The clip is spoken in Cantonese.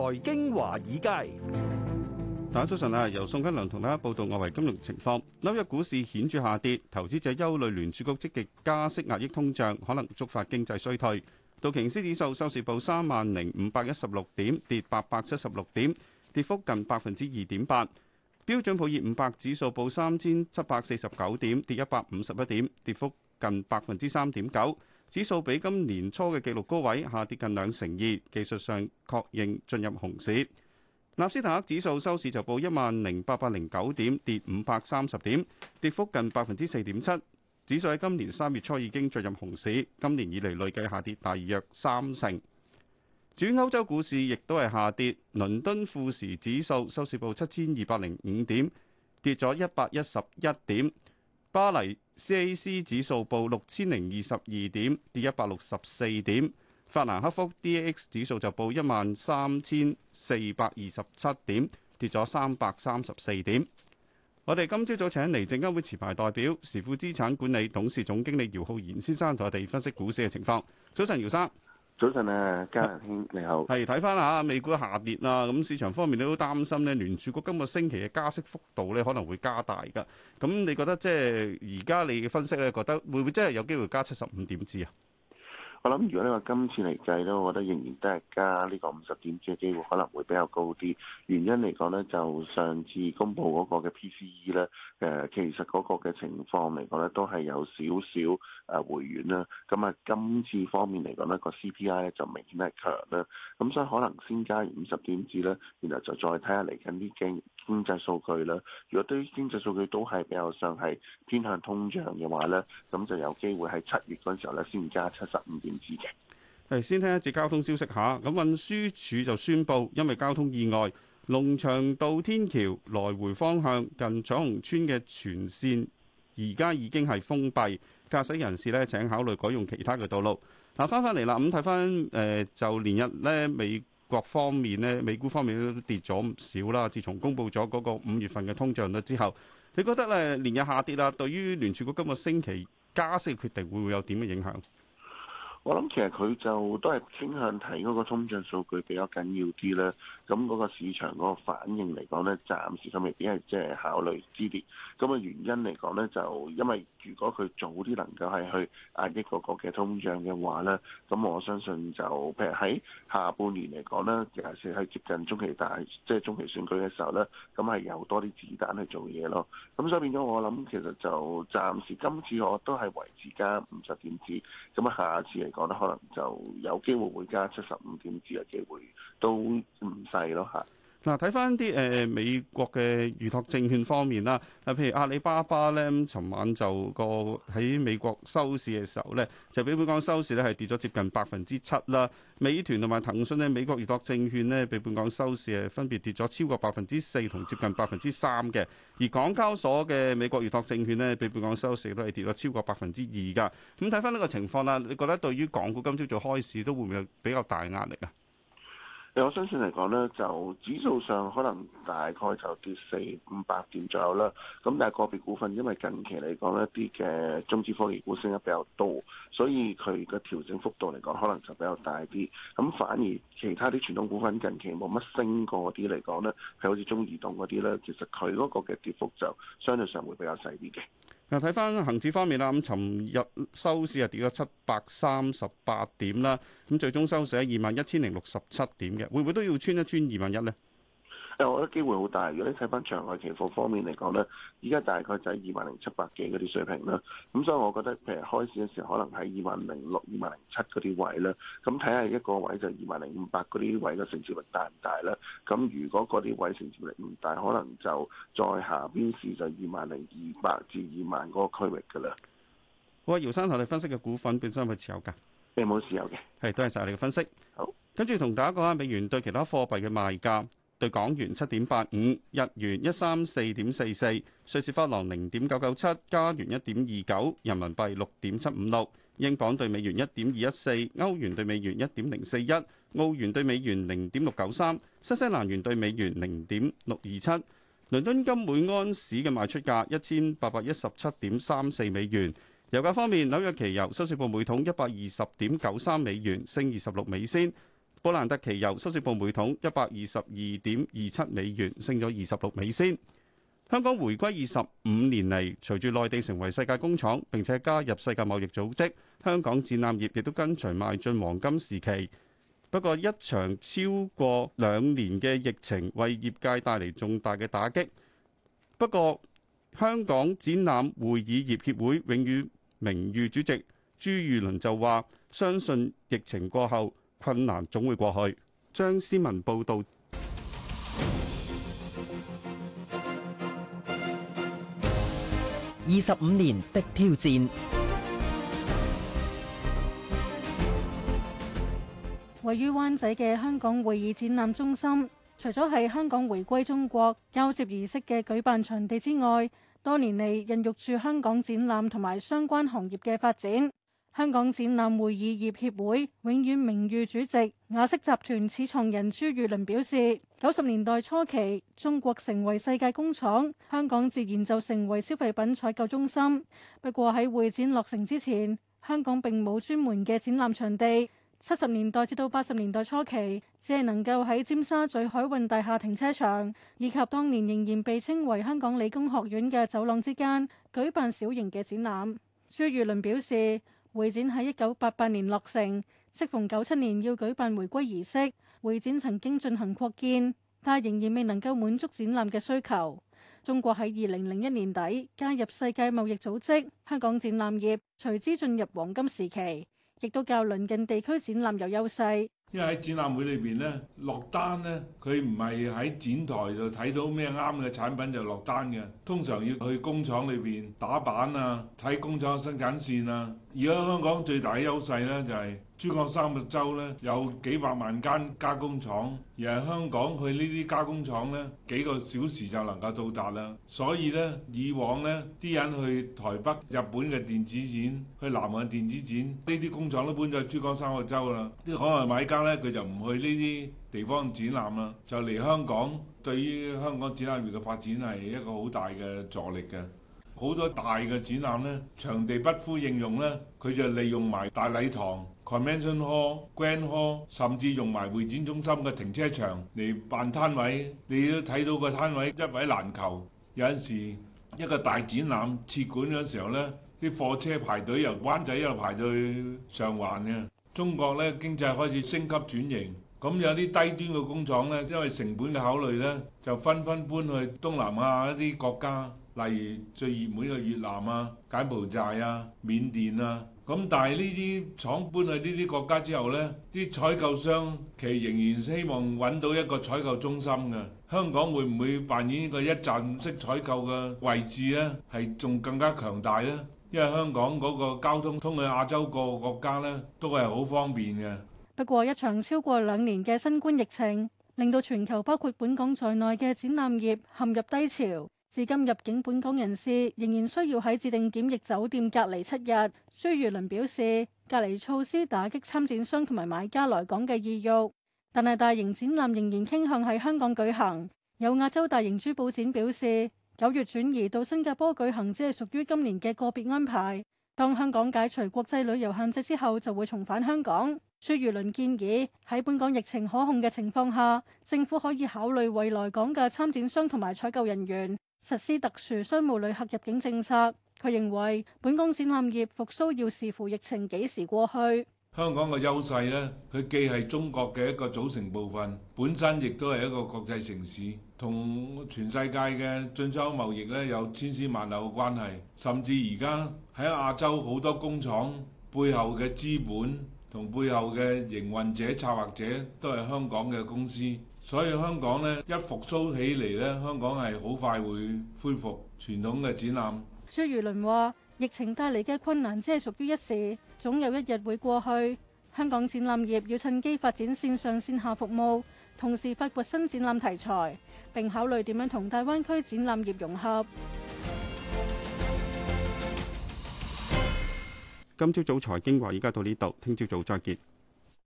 財經華爾街，大家早晨啊！由宋嘉良同大家報道外圍金融情況。紐約股市顯著下跌，投資者憂慮聯儲局積極加息壓抑通脹，可能觸發經濟衰退。道瓊斯指數收市報三萬零五百一十六點，跌八百七十六點，跌幅近百分之二點八。標準普爾五百指數報三千七百四十九點，跌一百五十一點，跌幅近百分之三點九。指數比今年初嘅紀錄高位下跌近兩成二，技術上確認進入熊市。納斯達克指數收市就報一萬零八百零九點，跌五百三十點，跌幅近百分之四點七。指數喺今年三月初已經進入熊市，今年以嚟累計下跌大約三成。主要歐洲股市亦都係下跌，倫敦富時指數收市報七千二百零五點，跌咗一百一十一點。巴黎 CAC 指數報六千零二十二點，跌一百六十四點。法蘭克福 DAX 指數就報一萬三千四百二十七點，跌咗三百三十四點。我哋今朝早請嚟證監會持牌代表時富資產管理董事總經理姚浩然先生同我哋分析股市嘅情況。早晨，姚生。早晨啊，嘉良兄你好。係睇翻下美股下跌啊，咁市場方面你都擔心咧，聯儲局今個星期嘅加息幅度咧可能會加大。㗎。咁，你覺得即係而家你嘅分析咧，覺得會唔會真係有機會加七十五點子啊？我諗如果你話今次嚟計呢，我覺得仍然都係加呢個五十點子嘅機會可能會比較高啲。原因嚟講呢，就上次公布嗰個嘅 PCE 呢，誒、呃、其實嗰個嘅情況嚟講呢，都係有少少誒回軟啦。咁啊今次方面嚟講呢，個 CPI 呢就明顯係強啦。咁所以可能先加完五十點子呢，然後就再睇下嚟緊啲經濟經濟數據啦。如果對於經濟數據都係比較上係偏向通脹嘅話呢，咁就有機會喺七月嗰時候呢先加七十五點。唔先聽一節交通消息下咁，運輸署就宣布，因為交通意外，龍翔道天橋來回方向近彩虹村嘅全線而家已經係封閉，駕駛人士呢請考慮改用其他嘅道路。嗱、啊，翻翻嚟啦，咁睇翻誒，就連日呢美國方面呢，美股方面都跌咗唔少啦。自從公布咗嗰個五月份嘅通脹率之後，你覺得咧連日下跌啦，對於聯儲局今個星期加息嘅決定，會唔會有點嘅影響？我諗其實佢就都係傾向睇嗰個通脹數據比較緊要啲啦，咁嗰個市場嗰個反應嚟講咧，暫時仲未必係即係考慮之列，咁嘅、那個、原因嚟講咧就因為。如果佢早啲能夠係去壓抑個個嘅通脹嘅話咧，咁我相信就譬如喺下半年嚟講咧，尤其是喺接近中期大，即係中期選舉嘅時候咧，咁係有多啲子彈去做嘢咯。咁所以變咗我諗，其實就暫時今次我都係維持加五十點子，咁啊下次嚟講咧，可能就有機會會加七十五點子嘅機會都唔細咯嚇。嗱，睇翻啲誒美國嘅預託證券方面啦，誒譬如阿里巴巴咧，尋晚就個喺美國收市嘅時候咧，就比本港收市咧係跌咗接近百分之七啦。美團同埋騰訊咧，美國預託證券咧，比本港收市係分別跌咗超過百分之四同接近百分之三嘅。而港交所嘅美國預託證券咧，比本港收市都係跌咗超過百分之二噶。咁睇翻呢個情況啦，你覺得對於港股今朝早開市都會唔會有比較大壓力啊？我相信嚟講咧，就指數上可能大概就跌四五百點左右啦。咁但係個別股份，因為近期嚟講，一啲嘅中資科技股升得比較多，所以佢嘅調整幅度嚟講，可能就比較大啲。咁反而其他啲傳統股份近期冇乜升過啲嚟講咧，係好似中移動嗰啲咧，其實佢嗰個嘅跌幅就相對上會比較細啲嘅。嗱，睇返恒指方面啦，尋日收市係跌咗七百三十八點啦，最終收市喺二萬一千零六十七點嘅，會唔會都要穿一穿二萬一呢？我覺得機會好大。如果你睇翻場外期貨方面嚟講咧，依家大概就係二萬零七百幾嗰啲水平啦。咁所以我覺得，譬如開市嘅時候，可能喺二萬零六、二萬零七嗰啲位啦。咁睇下一個位就二萬零五百嗰啲位嘅承接力大唔大啦。咁如果嗰啲位承接力唔大，可能就再下邊市就二萬零二百至二萬嗰個區域㗎啦。好啊，姚生同你分析嘅股份本身係持有㗎，並冇、欸、持有嘅。係，多謝晒你嘅分析。好，跟住同大家講下美元對其他貨幣嘅賣價。對港元七點八五，日元一三四點四四，瑞士法郎零點九九七，加元一點二九，人民幣六點七五六，英鎊對美元一點二一四，歐元對美元一點零四一，澳元對美元零點六九三，新西蘭元對美元零點六二七。倫敦金每安士嘅賣出價一千八百一十七點三四美元。油價方面，紐約期油收市報每桶一百二十點九三美元，升二十六美仙。布蘭特期油收市報每桶一百二十二點二七美元，升咗二十六美仙。香港回歸二十五年嚟，隨住內地成為世界工廠，並且加入世界貿易組織，香港展覽業亦都跟隨邁進黃金時期。不過，一場超過兩年嘅疫情為業界帶嚟重大嘅打擊。不過，香港展覽會議業協會永遠名譽主席朱裕倫就話：相信疫情過後。困難總會過去。張思文報道：二十五年的挑戰，位於灣仔嘅香港會議展覽中心，除咗係香港回歸中國交接儀式嘅舉辦場地之外，多年嚟孕育住香港展覽同埋相關行業嘅發展。香港展覽會議業協會永遠名譽主席雅式集團始創人朱裕倫表示：九十年代初期，中國成為世界工廠，香港自然就成為消費品採購中心。不過喺會展落成之前，香港並冇專門嘅展覽場地。七十年代至到八十年代初期，只係能夠喺尖沙咀海運大廈停車場以及當年仍然被稱為香港理工學院嘅走廊之間舉辦小型嘅展覽。朱裕倫表示。會展喺一九八八年落成，適逢九七年要舉辦回歸儀式，會展曾經進行擴建，但仍然未能夠滿足展覽嘅需求。中國喺二零零一年底加入世界貿易組織，香港展覽業隨之進入黃金時期，亦都較鄰近地區展覽有優勢。因為喺展覽會裏邊咧落單咧，佢唔係喺展台度睇到咩啱嘅產品就落單嘅，通常要去工廠裏邊打板啊，睇工廠生產線啊。而家香港最大嘅優勢咧就係。珠江三角洲咧有幾百萬間加工廠，而係香港去呢啲加工廠咧幾個小時就能夠到達啦。所以咧，以往咧啲人去台北、日本嘅電子展、去南韓嘅電子展，呢啲工廠都搬咗去珠江三角洲啦。啲海外買家咧佢就唔去呢啲地方展覽啦，就嚟香港。對於香港展覽業嘅發展係一個好大嘅助力嘅。好多大嘅展覽咧，場地不敷應用咧，佢就利用埋大禮堂、Convention Hall、Grand Hall，甚至用埋會展中心嘅停車場嚟辦攤位。你都睇到個攤位一位難求。有陣時一個大展覽撤館嗰陣時候咧，啲貨車排隊由灣仔一路排到去上環嘅。中國咧經濟開始升級轉型，咁有啲低端嘅工廠咧，因為成本嘅考慮咧，就紛紛搬去東南亞一啲國家。例如最熱門嘅越南啊、柬埔寨啊、緬甸啊，咁但係呢啲廠搬去呢啲國家之後呢，啲採購商其實仍然希望揾到一個採購中心嘅。香港會唔會扮演一個一站式採購嘅位置呢？係仲更加強大呢，因為香港嗰個交通通去亞洲各個國家呢，都係好方便嘅。不過，一場超過兩年嘅新冠疫情，令到全球包括本港在內嘅展覽業陷入低潮。至今入境本港人士仍然需要喺指定檢疫酒店隔離七日。朱如倫表示，隔離措施打擊參展商同埋買家來港嘅意欲，但係大型展覽仍然傾向喺香港舉行。有亞洲大型珠寶展表示，九月轉移到新加坡舉行，只係屬於今年嘅個別安排。當香港解除國際旅遊限制之後，就會重返香港。朱如倫建議喺本港疫情可控嘅情況下，政府可以考慮為來港嘅參展商同埋採購人員。實施特殊商務旅客入境政策，佢認為本港展覽業復甦要視乎疫情幾時過去。香港嘅優勢咧，佢既係中國嘅一個組成部分，本身亦都係一個國際城市，同全世界嘅進出口貿易咧有千絲萬縷嘅關係。甚至而家喺亞洲好多工廠，背後嘅資本，同背後嘅營運者、策劃者，都係香港嘅公司。所以香港呢，一復甦起嚟呢，香港係好快會恢復傳統嘅展覽。朱如麟話：疫情帶嚟嘅困難只係屬於一時，總有一日會過去。香港展覽業要趁機發展線上線下服務，同時發掘新展覽題材，並考慮點樣同大灣區展覽業融合。今朝早財經話：而家到呢度，聽朝早再見。